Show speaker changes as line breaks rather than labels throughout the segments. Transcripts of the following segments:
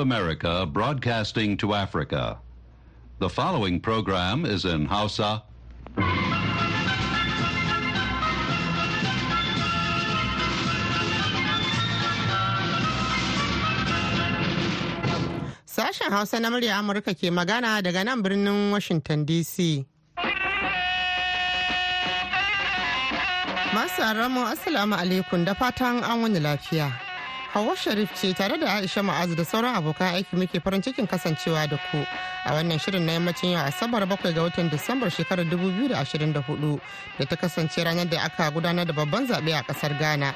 America broadcasting to Africa. The following program is in Hausa.
Sashen Hausa na murya Amurka ke magana daga nan birnin Washington DC. Masu mu Assalamu alaikum da fatan an wani lafiya. Hawwa Sharif ce tare da Aisha Ma'azu da sauran abokan aiki muke farin cikin kasancewa da ku a wannan shirin na yammacin yau Asabar bakwai ga watan Disambar shekarar 2024 da ta kasance ranar da aka gudanar da babban zaɓe a ƙasar Ghana.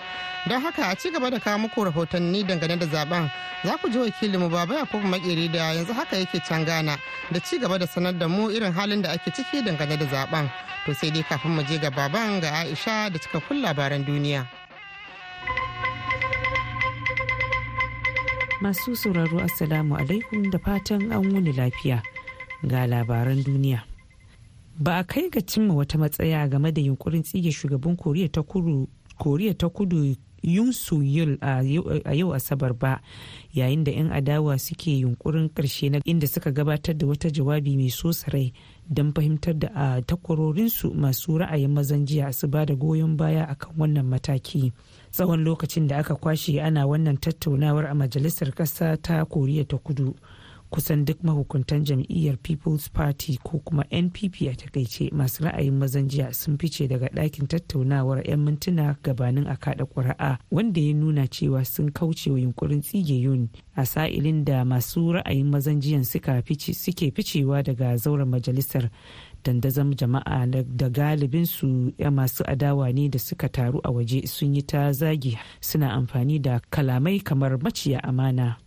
Don haka a ci gaba da kawo muku rahotanni dangane da zaben za ku ji wakilin mu Baba yakub Makeri da yanzu haka yake can Ghana da ci gaba da sanar da mu irin halin da ake ciki dangane da zaben. To sai dai kafin mu je ga baban ga Aisha da cikakkun labaran duniya.
Masu sauraro Assalamu alaikum da fatan an wuni lafiya ga labaran duniya. Ba a kai ga cimma wata matsaya game da yunkurin tsige shugaban Koriya ta kudu Yun Su a yau Asabar ba yayin da 'yan adawa suke yunkurin karshe na inda suka gabatar da wata jawabi mai so sarai don fahimtar da a ah, takwarorinsu masu ra'ayin mazan jiya su ba da goyon baya akan wannan mataki tsawon lokacin da aka kwashe ana wannan tattaunawar a majalisar ƙasa ta koriya ta kudu kusan duk mahukuntan jam'iyyar people's party ko kuma npp a takaice masu ra'ayin mazan jiya sun fice daga ɗakin tattaunawar 'yan mintuna gabanin a kaɗa ƙuri'a wanda ya nuna cewa sun kauce wa yunkurin tsige yun a sa'ilin da masu ra'ayin mazan jiyan suke ficewa daga zauren majalisar dandazon jama'a da galibin su masu adawa ne da suka taru a waje sun yi ta zagi suna amfani da kalamai kamar maciya amana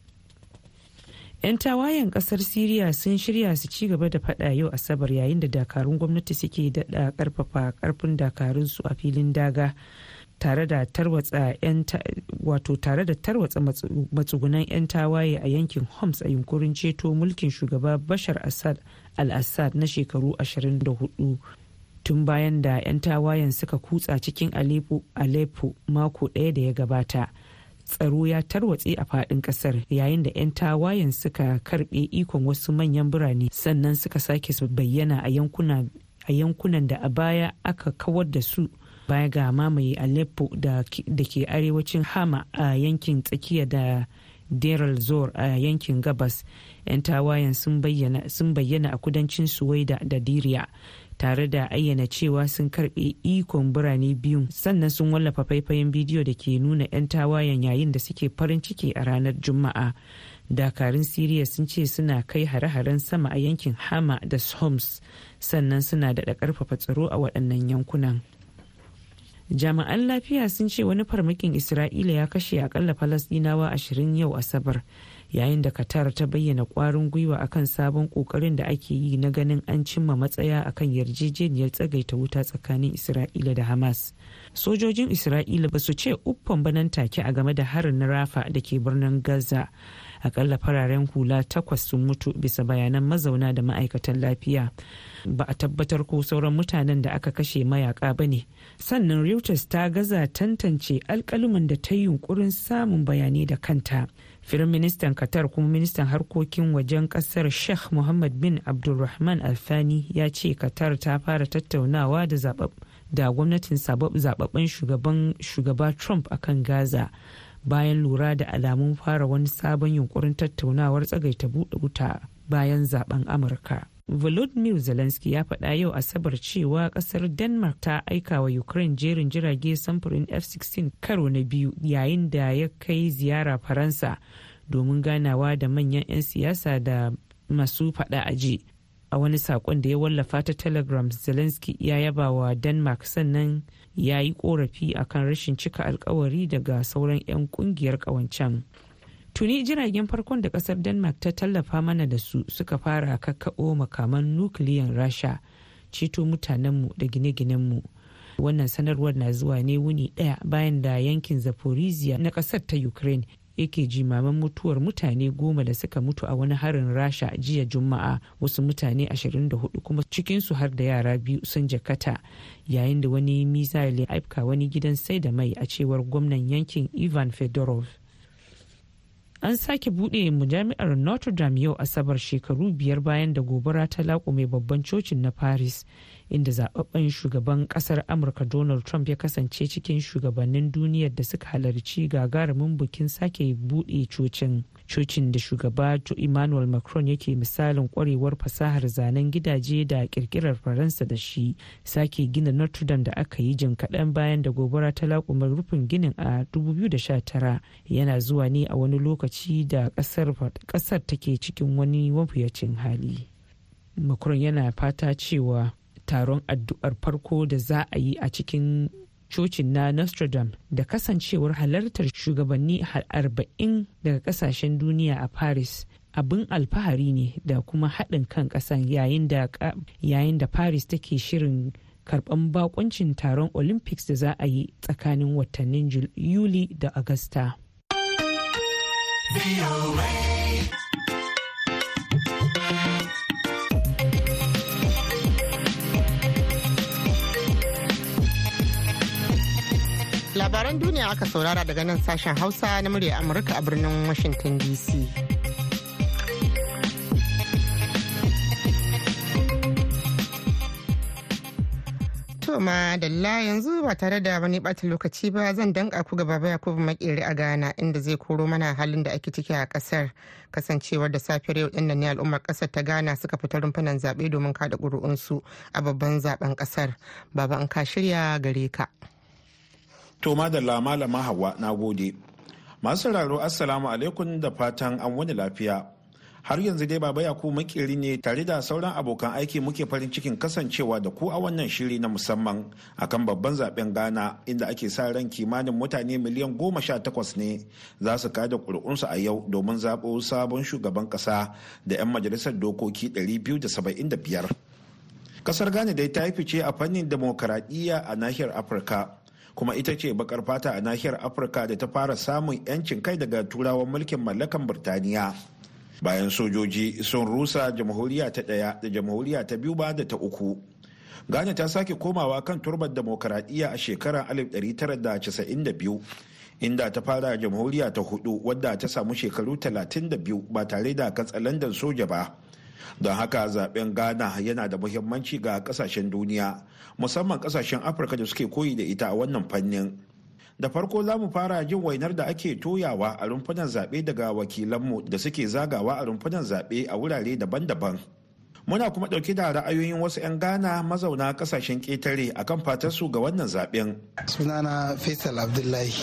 'Yan tawayen kasar Siriya sun shirya su ci gaba da fada yau Asabar yayin da dakarun gwamnati suke daɗa ƙarfafa ƙarfin dakarunsu a filin daga tare da tarwatsa wato tare da tarwatsa matsugunan 'yan tawaye a yankin Homs a yunkurin ceto mulkin shugaba Bashar Assad al-Assad na shekaru 24. tun bayan da 'yan tawayen suka kutsa cikin Aleppo mako daya da ya gabata. tsaro ya tarwatse a faɗin ƙasar yayin da 'yan tawayen suka karɓe ikon wasu manyan birane sannan suka sake su bayyana a yankunan da a baya aka kawar da su baya ga mamaye Aleppo da ke arewacin Hama a yankin tsakiya da Deral Zor a yankin gabas 'yan tawayen sun bayyana a kudancin Suwaida da Diriya tare da ayyana cewa sun karbe ikon birane biyun sannan sun wallafa faifayen bidiyo da ke nuna 'yan tawayen yayin da suke farin ciki a ranar juma'a dakarun siriya sun ce suna kai hare-haren sama a yankin hama da homs sannan suna da karfafa tsaro a waɗannan yankunan jami'an lafiya sun ce wani farmakin isra'ila ya kashe akalla falasdinawa ashirin yau asabar yayin da qatar ta bayyana kwarin gwiwa akan sabon kokarin da ake yi na ganin an cimma matsaya akan yarjejeniyar tsagaita wuta tsakanin isra'ila da hamas sojojin isra'ila ba su ce uffan banan take a game da harin na rafa da ke birnin gaza akalla fararen hula takwas sun mutu bisa bayanan mazauna da ma'aikatan lafiya ba a tabbatar ko sauran mutanen da aka kashe mayaka ba ne sannan reuters ta gaza tantance alkaluman da ta yi yunkurin samun bayanai da kanta firin ministan qatar kuma ministan harkokin wajen kasar sheikh mohammed bin abdulrahman alfani ya ce qatar ta fara tattaunawa da da gwamnatin zababben shugaban shugaba trump akan gaza bayan lura da alamun fara wani sabon yunkurin tattaunawar tsagaita buɗe wuta bayan zaben amurka volodymyr zelensky ya faɗa yau asabar cewa ƙasar denmark ta aika wa ukraine jerin jirage samfurin f-16 karo na biyu yayin da ya kai ziyara faransa domin ganawa da manyan 'yan siyasa da masu faɗa aji a wani saƙon da ya wallafa ta telegram zelensky ya yaba wa denmark sannan ya yi ƙorafi akan rashin cika alkawari daga sauran 'yan ƙungiyar ƙawancen. tuni jiragen farkon da kasar denmark ta tallafa mana da su suka fara kakkaɓo makaman nukiliyan rasha ceto mutanenmu da gine-ginenmu wannan sanarwar na zuwa ne wuni ɗaya bayan da yankin zaporizhia na kasar ta ukraine yake jimaman mutuwar mutane goma da suka mutu a wani harin rasha jiya juma'a wasu mutane 24 kuma cikinsu har da yara biyu sun jakata yayin da wani misali aifka wani gidan sai da mai a cewar gwamnan yankin ivan fedorov an sake buɗe mujami'ar notre dame yau asabar shekaru biyar bayan da gobara ta laƙume babban cocin na paris inda zababben shugaban kasar amurka donald trump ya kasance cikin shugabannin duniyar da suka halarci gagarumin bikin sake buɗe cocin cocin da shugaba emmanuel macron yake misalin kwarewar fasahar zanen gidaje da kirkirar faransa da shi sake gina notre dame da aka yi jin kaɗan bayan da gobara ta laƙumar rufin ginin a 2019 yana zuwa ne a wani lokaci da ƙasar take cikin wani mafiyacin hali macron yana fata cewa taron addu'ar farko da za a yi a cikin cocin na Nostradam da kasancewar halartar shugabanni arba'in daga kasashen duniya a Paris. abin alfahari ne da kuma haɗin kan ƙasa yayin da paris take shirin karɓan bakoncin taron olympics da za a yi tsakanin watannin yuli da agusta.
labaran duniya aka saurara daga nan sashen hausa na murya amurka a birnin washington dc ma dalla yanzu ba tare da wani ɓata lokaci ba zan danka ku gaba baya ku a Ghana inda zai koro mana halin da ake ciki a kasar kasancewar da safiyar yau dinnan ne al'ummar kasar ta Ghana suka fita rumfunan zaɓe domin kada ƙuri'unsu a babban zaben kasar baba an ka shirya gare ka.
To madalla malama hawa na gode. Masu sauraro assalamu alaikum da fatan an wani lafiya. Har yanzu dai baba ku makiri ne tare da sauran abokan aiki muke farin cikin kasancewa da ku a wannan shiri na musamman akan babban zaben Ghana inda ake sa ran kimanin mutane miliyan goma sha takwas ne za su kada ƙuri'unsu a yau domin zaɓo sabon shugaban ƙasa da 'yan majalisar dokoki 275. Kasar Ghana dai ta yi fice a fannin demokaradiyya a nahiyar Afirka. kuma ita ce bakar fata a nahiyar afirka da ta fara samun 'yancin kai daga turawan mulkin mallakan birtaniya bayan sojoji sun rusa jamhuriya ta ɗaya da jamhuriya ta biyu ba da ta uku ghana ta sake komawa kan turbar demokaradiyya a shekarar 1992 inda ta fara jamhuriya ta hudu wadda ta samu shekaru 32 ba tare da katsalandan soja ba don haka zaben ghana yana da muhimmanci ga kasashen duniya musamman kasashen afirka da suke koyi da ita a wannan fannin da farko za mu fara jin wainar da ake toyawa a rumfunan zaɓe daga wakilanmu da suke zagawa a rumfunan zaɓe a wurare daban-daban muna kuma dauke da ra'ayoyin wasu 'yan ghana mazauna kasashen ketare akan fatar su ga wannan zaben
sunana faisal abdullahi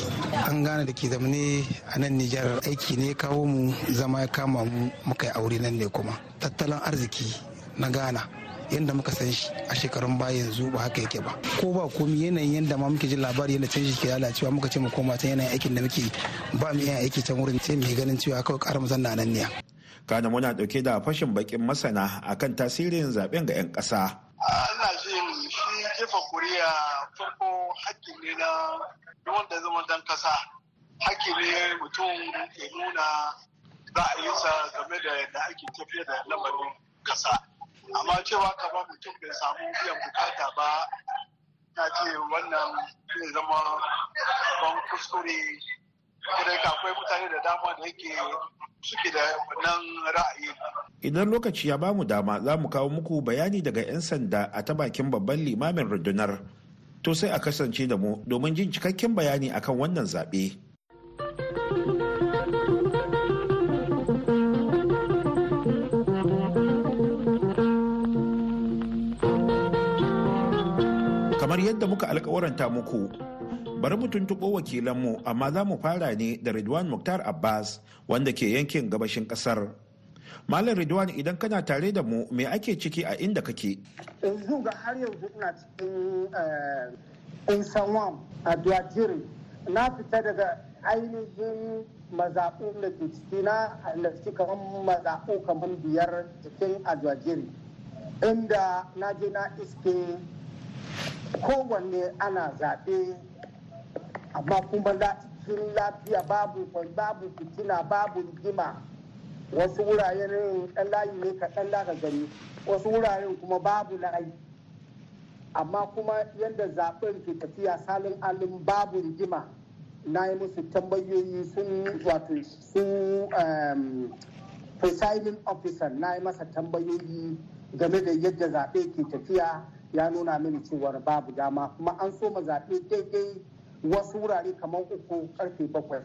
an gane da ke zama ne a nan nijar aiki ne kawo mu zama ya kama mu muka yi aure nan ne kuma tattalin arziki na ghana yadda muka san shi a shekarun baya yanzu ba haka yake ba ko ba komi yanayin yadda ma muke jin labari yadda canji ke lalacewa muka ce mu koma can yanayin aikin da muke ba mu iya aiki can wurin sai mu ganin cewa kawai karamu zanna nan ne
kana muna dauke da fashin bakin masana akan tasirin zaben ga 'yan ƙasa.
ana jin shi jefa kuriya farko haƙƙi ne na wanda zama dan kasa haƙƙi ne mutum ya nuna yi sa game da yadda ake tafiya da lamarin kasa amma cewa kama mutum bai samu biyan bukata ba na ce wannan zai zama ban kuskure akwai mutane da dama da yake da nan ra'ayi
idan lokaci ya bamu dama za mu kawo muku bayani daga 'yan sanda a ta bakin babban limamin rundunar to sai a kasance da mu domin jin cikakken bayani akan wannan zaɓe. kamar yadda muka alkawaranta muku bari mu tuntuɓo wakilanmu amma za mu fara ne da Ridwan Muktar Abbas wanda ke yankin gabashin ƙasar. Malam Ridwan idan kana tare da mu me ake ciki a inda kake? Yanzu ga har
yanzu ina cikin eh, a Na fita daga ainihin mazaɓu da ke ciki na da suke kamar mazaɓu kamar biyar cikin Ajwajiri. Inda na je na iske kowanne ana zaɓe amma kuma za cikin lafiya babu babu fitina babu rigima wasu wuraren dan layi ne dan laka gani wasu wuraren kuma babu layi amma kuma yadda zaɓen ke tafiya salin alin babu rigima na yi musu tambayoyi sun wato su um, presiding officer na yi masa tambayoyi game da yadda zaɓe ke tafiya ya nuna mini cewar babu dama kuma an so ma zaɓe daidai wasu wurare kamar
uku karfe bakwai.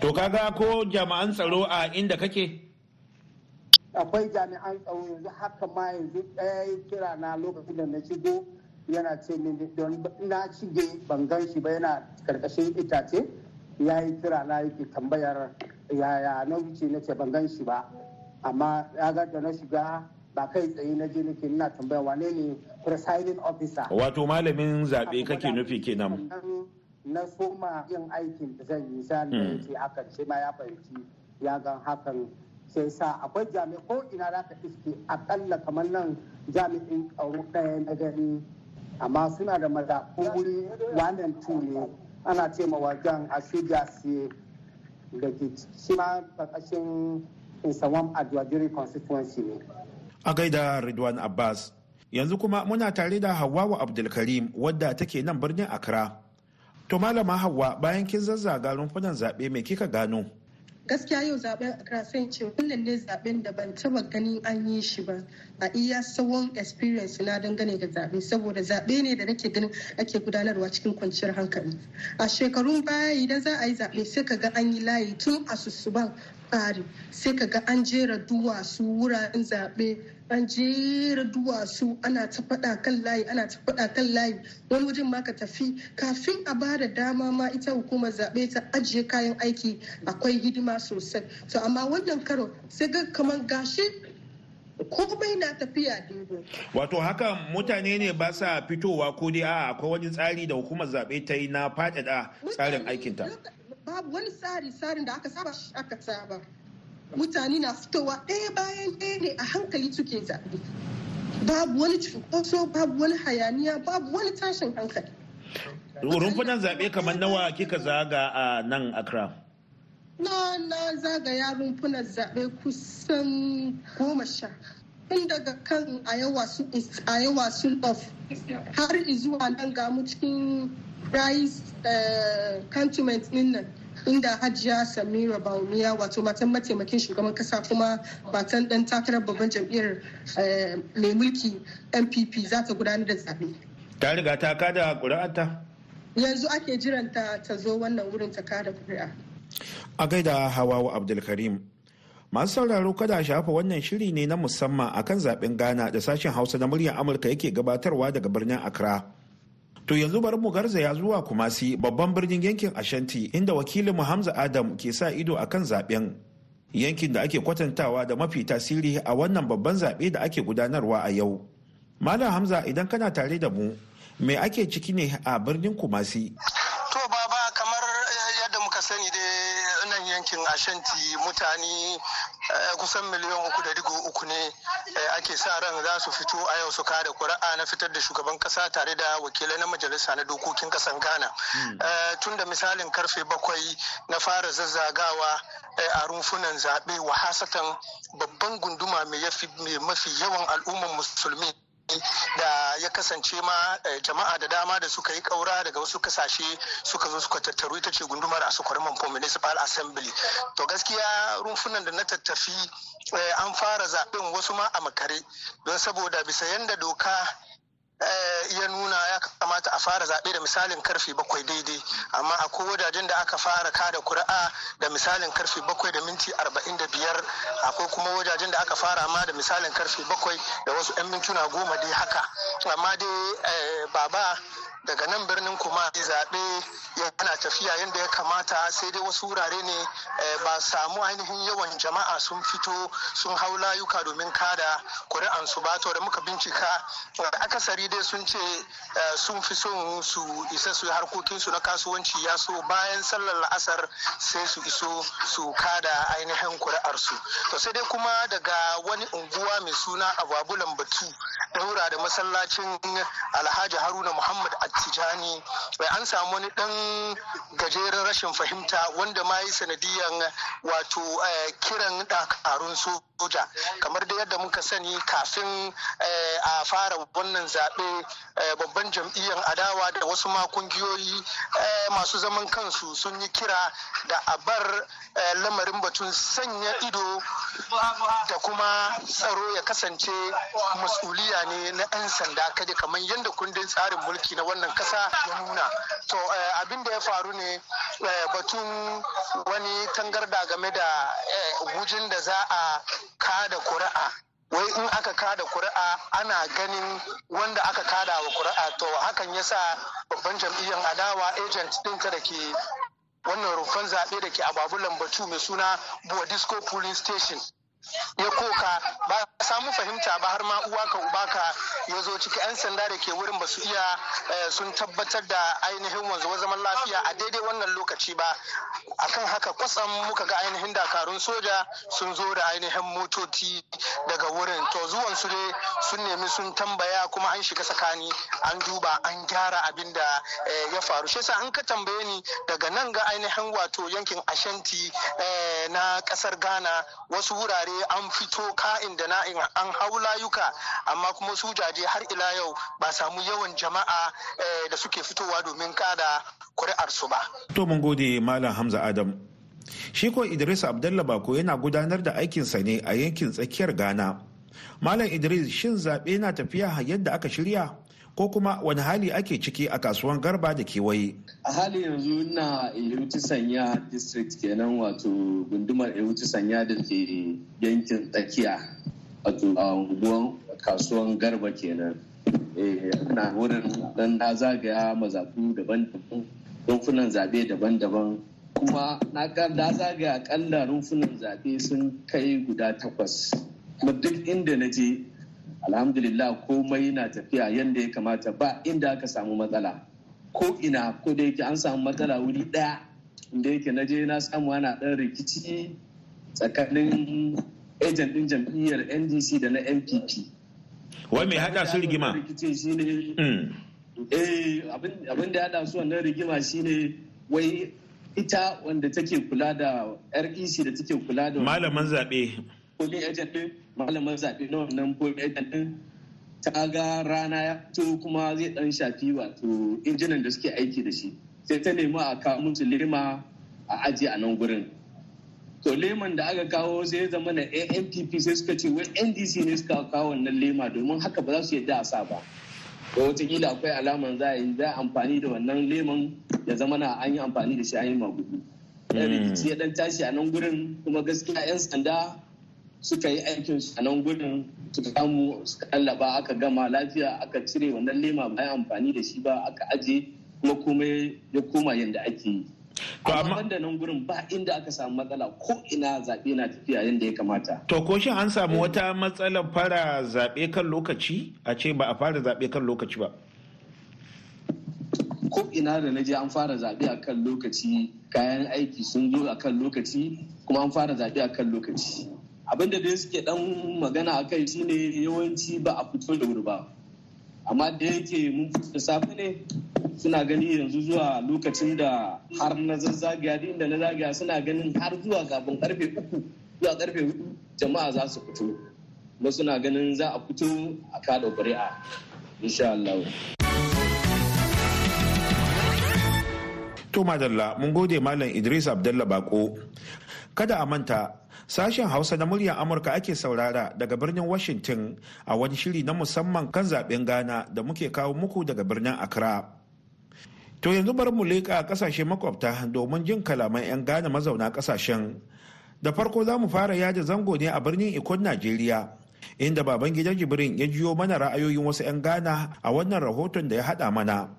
To kaga ko jami'an tsaro a inda kake?
Akwai jami'an tsaro yanzu haka ma yanzu ɗaya kira na lokacin da na shigo yana ce min don na shige ban gan shi ba yana karkashin itace ya yi kira na yake tambayar yaya na wuce na ce ban gan shi ba amma ya ga da na shiga ba kai tsaye na je nake na tambaya wane ne presiding officer wato
malamin zaɓe kake nufi kenan
na soma yin aikin da zan yi zan da ce hmm. hakan sai ma ya fahimci ya gan hakan sai sa akwai jami'a ko ina za ka iske akalla kamar nan jami'in tsaro ɗaya na gani amma suna da ko wuri wannan tu ne ana ce ma wajen a shirya da ke shi ma ƙarƙashin insawan adwajiri constituency ne
a gaida Ridwan Abbas. Yanzu kuma muna tare da wa Abdulkarim wadda take nan birnin Accra. To malama Hawwa bayan kin zazzaga rumfunan zaɓe mai kika gano?
Gaskiya yau zaben Accra sai ce wannan ne zaɓen da ban taba ganin an yi shi ba a iya sawon experience na dangane da zaɓe saboda zaɓe ne da nake ganin ake gudanarwa cikin kwanciyar hankali. A shekarun baya idan za a yi zaɓe sai ka ga an yi layi tun asusuban tsari sai ka ga an jera duwatsu wuraren zaɓe an jera duwatsu ana ta faɗa kan layi ana ta faɗa kan layi wani wajen ma ka tafi kafin a ba da dama ma ita hukumar zaɓe ta ajiye kayan aiki akwai hidima sosai to amma wannan karo sai ga kamar gashi komai na tafiya daidai.
Wato haka mutane ne ba sa fitowa ko dai a akwai wani tsari da hukumar zaɓe ta yi na faɗaɗa tsarin aikinta.
babu wani tsari tsarin da aka saba shi aka saba mutane na fitowa ɗaya bayan ɗaya ne a hankali suke zaɓe babu wani cunkoso babu wani hayaniya babu wani tashin hankali
rumfunan zaɓe kamar nawa kika zaga a nan accra
na na zagaya rumfunan zaɓe kusan goma sha tun daga kan ayawa sun of har zuwa nan gamu cikin rice eh, cantonment din nan inda hajiya samira baumiya wato matan mataimakin shugaban kasa kuma batan dan takarar babban jam'iyyar eh, mai mulki npp za ta gudanar da zaɓe
ta riga ta kada ƙuri'arta
yanzu ake jiranta ta zo wannan wurin ta kada ƙuri'a
a gaida hawawa abdulkarim masu sauraro kada a shafa wannan shiri ne na musamman akan zaben ghana da sashen hausa na muryar amurka yake gabatarwa daga birnin accra To yanzu bari mu garzaya zuwa Kumasi babban birnin yankin Ashanti inda wakilin mu Hamza Adam ke sa ido a kan zaɓen Yankin da ake kwatantawa da mafi tasiri a wannan babban zaɓe da ake gudanarwa a yau. Malam Hamza idan kana tare da mu, me ake ciki ne a birnin Kumasi? To baba kamar yadda muka sani dai
nan yankin Ashanti mutane Eh, kusan miliyan uku da digo uku ne eh, ake sa ran za su fito a yau su kada kuri'a na fitar da shugaban kasa tare da wakilai na majalisa na dokokin kasan ghana hmm. eh, tun da misalin karfe bakwai na fara zazzagawa a rumfunan zaɓe wa babban gunduma mai mafi yawan al'ummar musulmi da ya kasance ma eh, jama'a da dama da suka yi kaura daga wasu kasashe suka zo suka tattaru ita ce gundumar a asukwarin manfo municipal assembly to gaskiya rumfunan da na tattafi eh, an fara zaɓen wasu ma a makare don saboda bisa yanda doka Eh, ya nuna ya kamata a fara zaɓe da misalin karfe bakwai daidai amma akwai wajajen da aka fara kada kuri'a da misalin karfe bakwai da minti arba'in da biyar akwai kuma wajajen da aka fara ma da misalin karfe bakwai da wasu 'yan mintuna goma dai haka amma dai eh, baba daga nan birnin kuma zaɓe yana tafiya yadda ya kamata sai dai wasu wurare ne eh, ba samu ainihin yawan jama'a sun fito sun hau layuka domin kada su ba to da muka bincika da akasari dai sun ce eh, sun fi son su isa su harkokinsu na kasuwanci ya so bayan sallar la'asar sai su iso su kada ainihin ƙuri'arsu to sai dai kuma daga wani unguwa mai suna ababulan batu daura da masallacin alhaji haruna muhammad tijani bai an samu wani dan gajeren rashin fahimta wanda ma yi sanadiyan wato eh, kiran dakarun su Abuja kamar da yadda muka sani kafin eh, a fara wannan zaɓe eh, babban jam'iyyar adawa da wasu ma kungiyoyi eh, masu zaman kansu sun yi kira da a bar lamarin batun sanya ido da kuma tsaro ya kasance masuliya ne na 'yan sanda kaje kamar yadda kundin tsarin mulki na wannan kasa ya nuna to abin da ya faru ne Eh, batun wani tangarda game da gujin eh, da za a kada kuri'a wai in aka kada kuri'a ana ganin wanda aka kada wa kuri'a to hakan ya sa babban jam'iyyar adawa agent ɗinta da ke wannan rumfan zaɓe da ke a babu lambatu mai suna Bodisco Polling Station ya koka ba samu fahimta ba har ma uwa ka uba ka ya zo ciki 'yan sanda da ke wurin ba su iya eh, sun tabbatar da ainihin wanzuwa zaman lafiya a daidai wannan lokaci ba akan haka kwatsam muka ga ainihin dakarun soja sun zo da ainihin motoci daga wurin to zuwan su ne sun nemi sun tambaya kuma an shiga tsakani an duba an gyara abin da eh, ya faru shi yasa an ka tambaye ni daga nan ga ainihin wato yankin ashanti eh, na kasar ghana wasu wurare an fito ka'in da na'in an hau layuka amma kuma sujaje har ila yau
ba samu yawan jama'a eh, da suke fitowa domin kada kuri'arsu ba. To mun gode Malam Hamza Adam. Shi Idris Abdullah Bako yana gudanar da aikinsa ne a yankin tsakiyar Ghana. Malam Idris shin zaɓe na tafiya yadda aka shirya? ko kuma wani hali ake ciki a kasuwan garba da kewaye.
A hali yanzu na Iruti Sanya district kenan wato gundumar Iruti Sanya da ke yankin tsakiya a kasuwan garba kenan. Eh, na wurin dan na zagaya mazafu daban-daban rumfunan zabe daban-daban kuma na da zagaya akalla rumfunan zabe sun kai guda takwas kuma duk inda na je alhamdulillah komai na tafiya yadda ya kamata ba inda aka samu matsala ko ina ko da yake an samu matsala wuri ɗaya inda yake na je na samu ana ɗan rikici tsakanin ejen din jam'iyyar ndc da na npp
wai mai haɗa su rigima
abin da hada hmm. eh, su wannan rigima shine wai ita wanda take kula da rec da take kula da malaman zabe. kudin ejen ɗin malamar zaɓe na wannan board din ta ga rana ya fito kuma zai ɗan shafi wato injinan da suke aiki da shi sai ta nemi a kawo musu lema a aji a nan gurin to leman da aka kawo sai zama na ANPP sai suka ce wai NDC ne suka kawo wannan lema domin haka ba za su yadda a sa ba ko wataƙila akwai alaman za a yi za amfani da wannan leman ya zama na an yi amfani da shi an yi magudu rikici ya dan tashi a nan gurin kuma gaskiya 'yan sanda suka yi aikin a nan gudun suka samu suka tallaba aka gama lafiya aka cire wannan lema ba amfani da shi ba aka aje kuma komai ya koma yadda ake yi To amma da nan gurin ba inda aka samu matsala ko ina zaɓe na tafiya yadda ya kamata.
To ko shi an samu eh. wata matsalar fara zaɓe kan lokaci a ce ba a fara zaɓe kan lokaci ba.
Ko ina da na je an fara zaɓe a kan lokaci kayan aiki sun zo a kan lokaci kuma an fara zaɓe a kan lokaci. abin da dai suke dan magana a kai shine yawanci ba a fito da wuri ba amma da yake mun fito safe ne suna gani yanzu zuwa lokacin da har na zazzagiya inda na zagaya suna ganin har zuwa kafin karfe uku zuwa karfe hudu jama'a za su fito kuma suna ganin za a fito a kada ƙuri'a insha
Allah. To madalla mun gode Malam Idris Abdalla Bako. Kada a manta Sashen Hausa na muryar Amurka ake saurara daga birnin Washington a wani shiri na musamman kan zaben Ghana da muke kawo muku daga birnin Accra. To yanzu bari mu leƙa a ƙasashe makwabta domin jin kalaman 'yan Ghana mazauna ƙasashen. Da farko za mu fara yada zango ne a birnin Ikon Najeriya. Inda baban gidan Jibrin ya jiyo mana ra'ayoyin wasu 'yan Ghana a wannan rahoton da ya haɗa mana.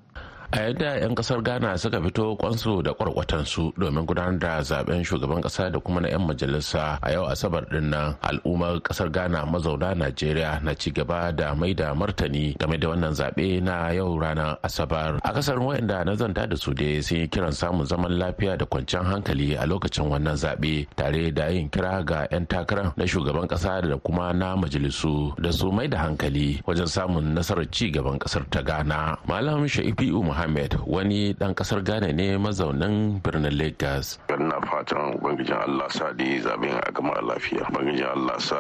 a yadda 'yan kasar ghana suka fito kwansu da kwarkwatansu domin gudanar da zaben shugaban kasa da kuma na 'yan majalisa a yau asabar din nan al'ummar kasar ghana mazauna najeriya na ci gaba da mai da martani game da wannan zaɓe na yau ranar asabar a kasar wayanda na zanta da su dai sun yi kiran samun zaman lafiya da kwanciyar hankali a lokacin wannan zaɓe tare da yin kira ga 'yan takarar na shugaban kasa da kuma na majalisu da su mai da hankali wajen samun nasarar ci gaban kasar ta ghana malam umar Mohammed wani dan kasar Ghana ne mazaunin birnin Lagos. Ina fatan bangijin Allah sa da zaɓen a gama lafiya. Bangijin Allah sa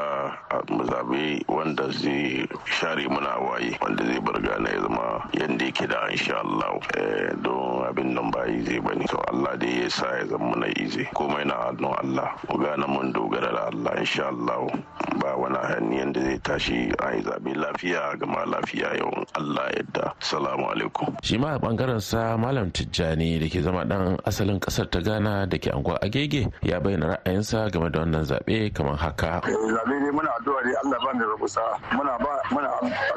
mu zaɓe wanda zai share muna waye wanda zai bar Ghana ya zama yadda yake da insha Allah eh, don abin nan ba izi ba ne. To Allah dai ya sa ya zama na izi. Komai na hannun Allah. Mu gana mun dogara da Allah insha Allah ba wani hanyar da zai tashi a yi zaɓe lafiya gama lafiya yau Allah yadda. Salamu alaikum. Shi bangaren sa malam tijjani da ke zama dan asalin kasar ta ghana da ke anguwa agege ya bayyana ra'ayinsa game da wannan zaɓe kamar haka
zaɓe
ne muna addu'a ne allah ba da rabusa muna ba muna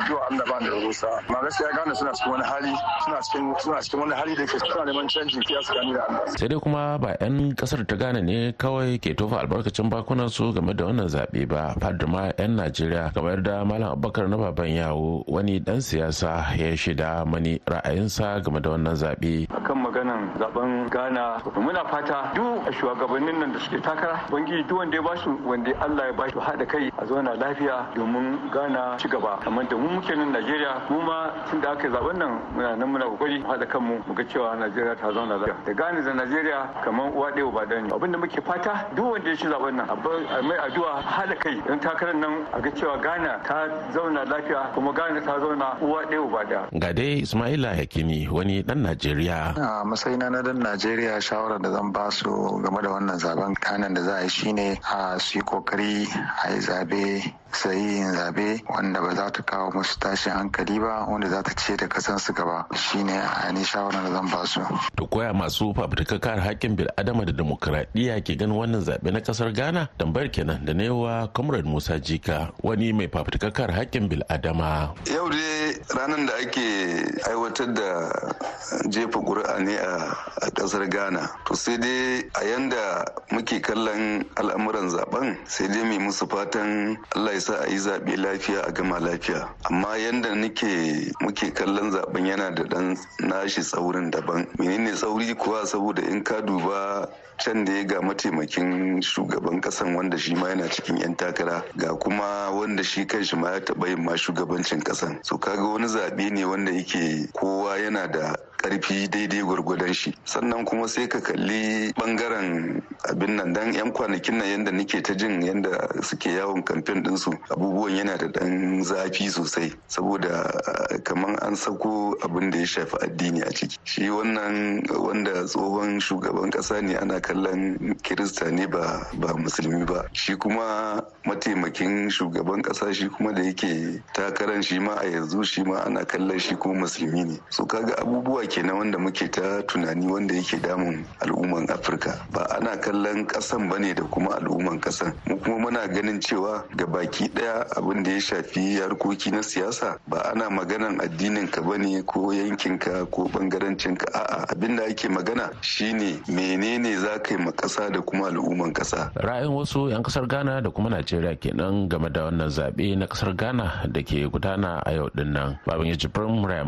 addu'a allah ba ni rubusa amma gaskiya ghana suna cikin wani hali suna cikin suna cikin wani hali da ke suna neman canji fiye su gani da allah sai dai
kuma ba yan kasar ta ghana ne kawai ke tofa albarkacin bakunan su game da wannan zaɓe ba fadda ma yan najeriya kamar da malam abubakar na baban yawo wani dan siyasa ya shida mani ra'ayinsa game da wannan zaɓe.
A kan maganan zaɓen ghana muna fata duk shugabannin nan da suke takara bangi duk wanda ya basu wanda allah ya basu haɗa kai a zauna lafiya domin ghana ci gaba Amma da mu muke nan najeriya mu ma tun da aka zaɓen nan muna nan muna kokari haɗa kanmu mu ga cewa najeriya ta zauna lafiya da ghana da najeriya kamar uwa ɗaya ba dani abin da muke fata duk wanda ya ci zaɓen nan a mai addu'a haɗa kai don takarar nan a ga cewa ghana ta zauna lafiya kuma ghana ta zauna uwa ɗaya ba ɗaya.
ga dai ismaila hakimi wani dan Najeriya. A matsayi na dan Najeriya shawarar
da zan ba su game da wannan zaben kanan da za a yi shine a su yi kokari a yi zabe sayin zabe wanda ba za ta kawo musu tashin hankali ba wanda za ta ce da kasan su gaba shine a ni shawarar da zan ba su.
To koya masu fafutukar hakkin bil bil'adama da demokuraɗiyya ke ganin wannan zabe na kasar Ghana tambayar kenan da newa Comrade Musa Jika wani mai fafutukar hakkin bil bil'adama.
Yau dai ranar da ake aiwatar da jefa ƙuri'a ne a ƙasar ghana to sai dai a yanda muke kallon al'amuran zaben sai dai mai musu fatan allah ya sa a yi zaɓe lafiya a gama lafiya amma yanda nake muke kallon zaben yana da ɗan nashi tsaurin daban menene tsauri kuwa saboda in ka duba can da ya ga mataimakin shugaban kasan wanda shi ma yana cikin 'yan takara ga kuma wanda shi kanshi ma ya taɓa yin ma shugabancin kasan so kaga wani zaɓe ne wanda yake kowa yana yana uh, karfi daidai gwargwadon shi sannan kuma sai ka kalli bangaren abin nan dan yan kwanakin nan yanda nake ta jin yanda suke yawon kamfen su. abubuwan yana da dan zafi sosai saboda eh, kamar an sako abin da ya shafi addini a ciki shi wannan wanda tsohon shugaban ƙasa ne ana kallon kirista ne ba ba musulmi ba shi kuma mataimakin shugaban kasa shi kuma da yake takaran shi ma a yanzu shi ma ana kallon shi kuma musulmi ne so kaga abubuwa kenan wanda muke ta tunani wanda yake damun al'umman afirka ba ana kallon kasan bane da kuma al'umman kasan mu kuma muna ganin cewa ga baki daya abin da ya shafi harkoki na siyasa ba ana maganan addinin ka bane ko yankin ka ko bangarancin ka a'a abin da ake magana shine menene za ka yi ma kasa da kuma al'umman kasa
ra'ayin wasu 'yan kasar ghana da kuma najeriya kenan game da wannan zabe na kasar ghana da ke gudana a yau din nan babin ya jibrin murai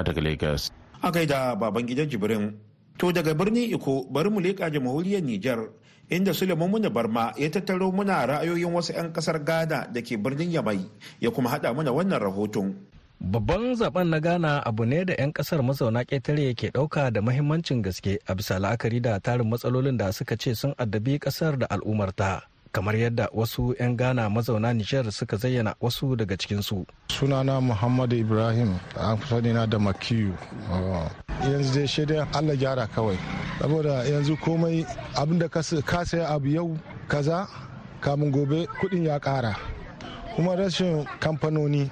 daga lagos
A gaida baban gidan Jibrin. To daga birnin Iko bari mu leƙa jamhuriyar Nijar inda Suleiman Muna Barma ya tattaro muna ra'ayoyin wasu 'yan kasar Ghana da ke birnin Yamai ya kuma haɗa mana wannan rahoton. Babban zaben na Ghana
abu ne da 'yan kasar mazauna ketare ke dauka da mahimmancin gaske a bisa la'akari da tarin matsalolin da suka ce sun addabi kasar da al'ummarta. kamar yadda wasu 'yan ghana
mazauna nijar suka zayyana wasu daga cikin su. sunana muhammadu ibrahim an sani na da makiyu oh. yanzu dai shaidan allah gyara kawai saboda yanzu komai abinda ka saya abu yau kaza kamun gobe kudin ya kara kuma rashin kamfanoni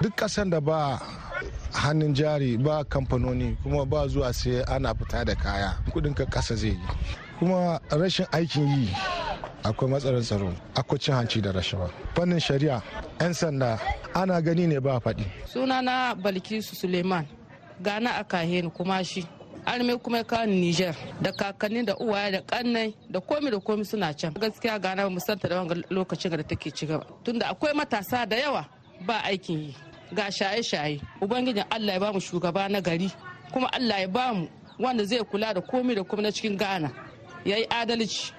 duk kasan da ba hannun jari ba kamfanoni kuma ba zuwa sai ana fita da kaya kudin ka kasa zai yi kuma rashin aikin yi akwai matsalar tsaro akwai cin hanci da rashawa fannin shari'a 'yan sanda ana gani ne ba faɗi
sunana balkisu suleiman gana a kahin kuma shi arme kuma ya kawo niger da kakanni da uwaye da kannai da komi da komi suna can gaskiya gana mu santa da wani lokacin da take ci gaba tunda akwai matasa da yawa ba aikin yi ga shaye-shaye ubangijin allah ya bamu shugaba na gari kuma allah ya bamu wanda zai kula da komi da komi na cikin gana ya yi adalci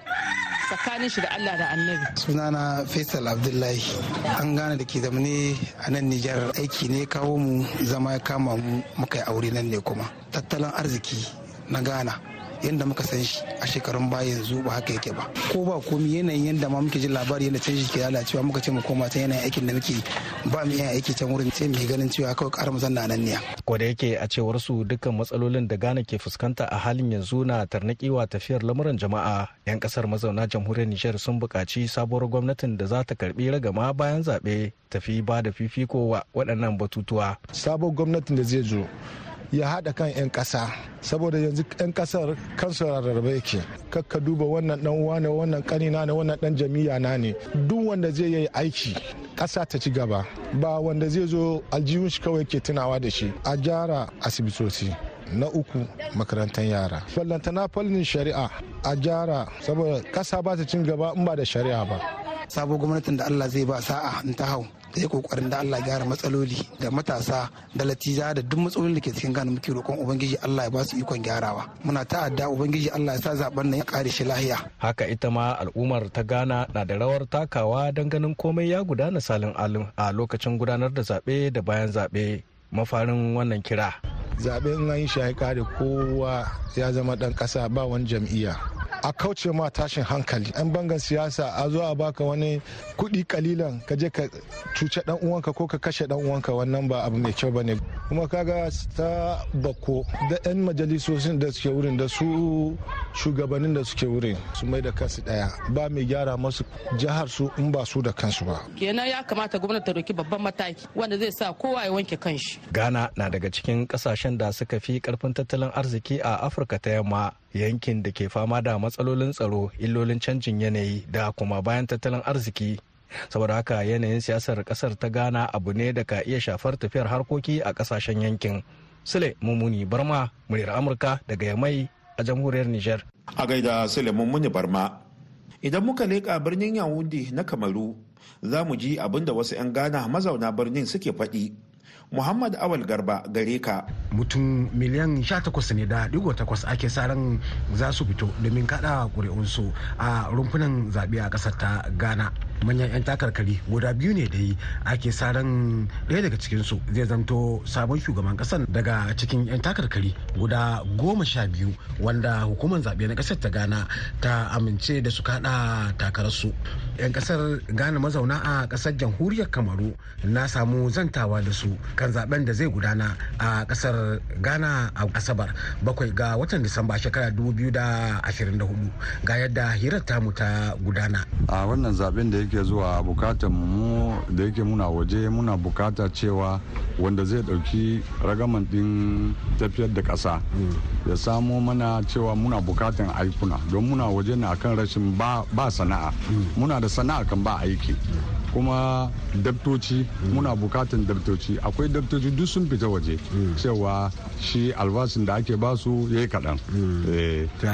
tsakanin shi da Allah da annabi.
Sunana Faisal Abdullahi an gane da ke zamane a nan Nijar aiki ne kawo mu zama ya kama mu muka yi aure nan ne kuma tattalin arziki na Ghana yadda muka san shi a shekarun baya yanzu ba haka yake ba ko ba komi yanayin yadda ma muke jin labari yadda canji ke lalacewa muka ce mu koma ta yanayin aikin da muke ba mu iya aiki can wurin sai mu ganin cewa kawai ƙara mu zanna nan niya.
ko da yake a cewar su dukkan matsalolin da Ghana ke fuskanta a halin yanzu na tarnaki wa tafiyar lamuran jama'a yan kasar mazauna jamhuriyar Nijar sun buƙaci sabuwar gwamnatin da za ta karbi ragama bayan zaɓe tafi ba da fifiko wa waɗannan batutuwa sabon gwamnatin da zai
zo ya haɗa kan 'yan ƙasa saboda yanzu 'yan ƙasar kansu rarrabe yake kakka duba wannan dan uwa ne wannan kanina ne wannan dan jami'a na ne duk wanda zai yi aiki ƙasa ta ci gaba ba wanda zai zo aljihun shi kawai ke tunawa da shi a gyara asibitoci na uku makarantar yara na fannin shari'a a gyara saboda ƙasa ba ta cin gaba in ba da shari'a ba sabo gwamnatin da allah zai
ba sa'a in ta hau da ya kokarin da Allah gyara matsaloli da matasa da latiza da duk matsalolin da ke cikin gani muke roƙon ubangiji Allah ya ba su ikon gyarawa muna ta'adda ubangiji Allah ya sa zaben nan ya kare shi lahiya
haka ita ma al'ummar ta gana na da rawar takawa don ganin komai ya gudana salin alin a lokacin gudanar da zaɓe da bayan zaɓe mafarin wannan
kira zaɓe in an shi ya kare kowa ya zama ɗan ƙasa ba wani jam'iyya a kauce ma tashin hankali yan bangan siyasa a zo a baka wani kudi kalilan ka je ka cuce dan uwanka ko ka kashe dan uwanka wannan ba abu mai kyau bane kuma kaga ta bako da yan majalisosin da suke wurin da su shugabannin da suke wurin su mai da kansu daya ba mai gyara masu jihar su in ba su da kansu ba
kenan ya kamata gwamnati ta roki babban mataki wanda zai sa kowa ya wanke kanshi
ghana na daga
cikin kasashen da suka fi karfin tattalin arziki a afirka ta yamma yankin da ke fama da matsalolin tsaro illolin canjin yanayi da kuma bayan tattalin arziki saboda haka yanayin siyasar kasar ta gana abu ne da ka iya shafar tafiyar harkoki a kasashen yankin
sule mummuni barma muryar amurka daga yamai a jamhuriyar niger a gaida sule mummuni barma idan muka leƙa birnin yawundi na kamaru za mu ji abin da wasu 'yan ghana mazauna birnin suke faɗi Muhammad Awal Garba gare ka.
Mutum miliyan sha takwas ne da digo takwas ake sa ran za su fito domin kada ƙuri'unsu a rumfunan zaɓe a ƙasar ta Ghana. manyan 'yan takarkari guda biyu ne da yi ake sa ran ɗaya daga cikinsu zai zanto sabon shugaban ƙasar daga cikin 'yan takarkari guda goma sha biyu wanda hukumar zaɓe na ƙasar ta ghana ta amince da su kaɗa takararsu 'yan ƙasar ghana mazauna a ƙasar jamhuriyar kamaru na samu zantawa da su kan zaben da zai gudana a kasar ghana a asabar bakwai ga watan disamba shekara 2024 ga yadda hirar tamu ta gudana
a wannan zaben da yake zuwa bukatar mu da yake muna waje muna bukata cewa wanda zai dauki ragaman din tafiyar da kasa hmm. ya samo mana cewa muna bukatan aikuna don muna waje ne akan rashin ba sana'a hmm. muna da sana'a kan ba aiki hmm. kuma dabtoci muna bukatan dabtoci akwai dabtoci duk sun fita waje cewa shi albashin da ake basu eh. ya yi kaɗan.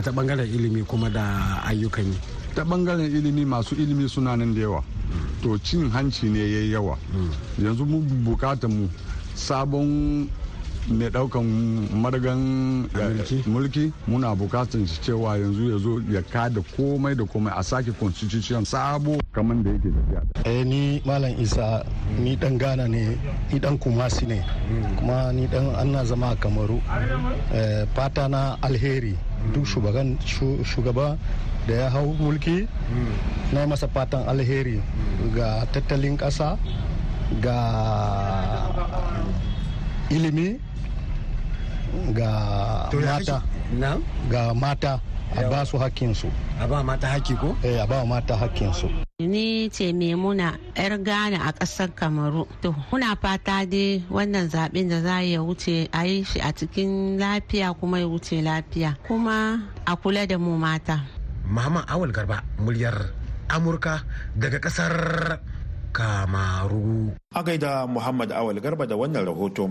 ta bangaren ilimi kuma da ayyukan yi ta bangaren ilimi masu ilimi suna nan da yawa to cin hanci ne ya yi yawa mm. yanzu mu bukatan mu sabon mai daukan margan eh, mulki muna bukatun shi cewa yanzu ya zo ya kada komai da komai a sake constitution sabo kamar da yake tafiya eh ni
malam isa ni dan gana ne ni dan kumasi ne kuma ni dan ana zama a kamaru eh, fata na alheri duk shugaba da ya hau mulki na masa fatan alheri ga tattalin ƙasa ga ilimi ga mata ga mata a ba su hakkinsu a ba mata hakki ko eh a ba mata hakkinsu
ni ce memuna yar ghana a ƙasar kamaru to kuna fata dai wannan zaɓen da za ya wuce a yi shi a cikin lafiya kuma ya wuce lafiya kuma a kula da mu mata
mama awal garba muryar amurka daga ƙasar
kamaru. A gaida Muhammad Awal Garba da wannan rahoto.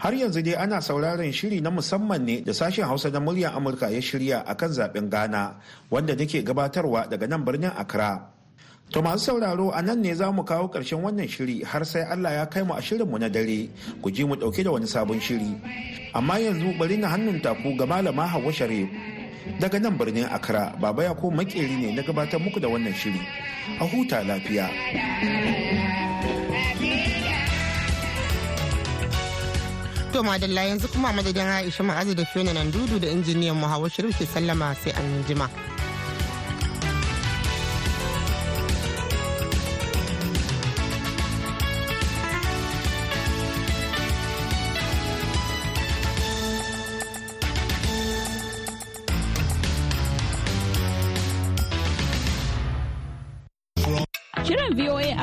Har yanzu dai ana sauraron shiri na musamman ne da sashen Hausa na muryar Amurka ya shirya a kan zaben Ghana wanda nake gabatarwa daga nan birnin Accra. To masu sauraro a nan ne za mu kawo ƙarshen wannan shiri har sai Allah ya kai mu a shirinmu na dare ku ji mu ɗauke da wani sabon shiri. Amma yanzu bari na hannun taku ga malama Hauwa Sharif daga nan birnin accra baba ya ko makeri ne na gabatar muku da wannan shiri a huta lafiya
to madalla yanzu kuma madadin aisha ma'azu da fiona nan dudu da injiniyan mu hawa ke sallama sai an jima.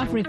Africa